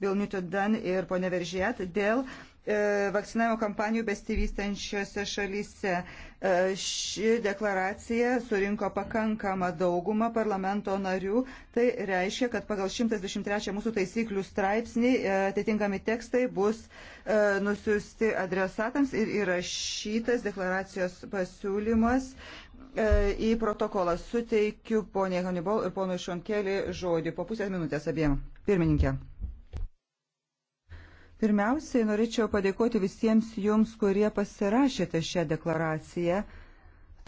Bill Newton Dunn ir ponė Veržėt dėl e, vakcinavimo kampanijų besivystančiose šalyse. E, ši deklaracija surinko pakankamą daugumą parlamento narių. Tai reiškia, kad pagal 123 mūsų taisyklių straipsnį e, atitinkami tekstai bus nusiųsti adresatams ir įrašytas deklaracijos pasiūlymas į protokolą. Suteikiu poniai Hannibal ir ponui Šonkelį žodį po pusės minutės abiem. Pirmininkė. Pirmiausiai norėčiau padėkoti visiems jums, kurie pasirašėte šią deklaraciją.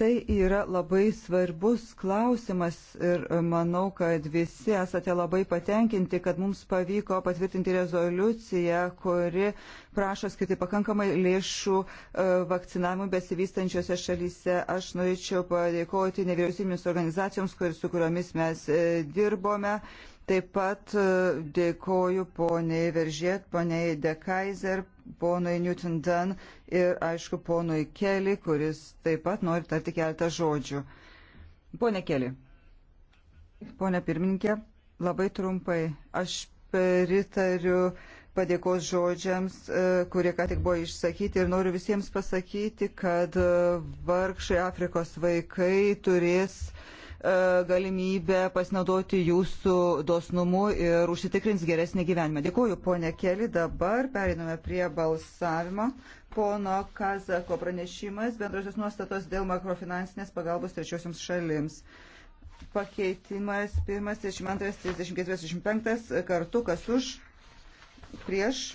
Tai yra labai svarbus klausimas ir manau, kad visi esate labai patenkinti, kad mums pavyko patvirtinti rezoliuciją, kuri prašo skirti pakankamai lėšų e, vakcinavimui besivystančiose šalyse. Aš norėčiau padėkoti nevyriausybinėms organizacijoms, kur, su kuriomis mes e, dirbome Taip pat e, dėkoju poniai Veržėt, poniai Dekaiser, ponui Newton Dunn ir, aišku, ponui Kelly, kuris taip pat nori tarti keletą žodžių. Pone Kelly, ponė pirmininkė, labai trumpai, aš pritariu padėkos žodžiams, e, kurie ką tik buvo išsakyti ir noriu visiems pasakyti, kad e, vargšai Afrikos vaikai turės E, galimybę pasinaudoti jūsų dosnumu ir užsitikrins geresnį gyvenimą. Dėkuoju, ponė Keli. Dabar periname prie balsavimo. Pono Kazako pranešimas bendrosios nuostatos dėl makrofinansinės pagalbos trečiosiams šalims. Pakeitimas 1, 32, 34, 35 kartu, kas už, prieš